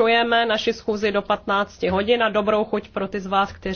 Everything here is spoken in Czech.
Děkujeme naši schůzi do 15 hodin a dobrou chuť pro ty z vás, kteří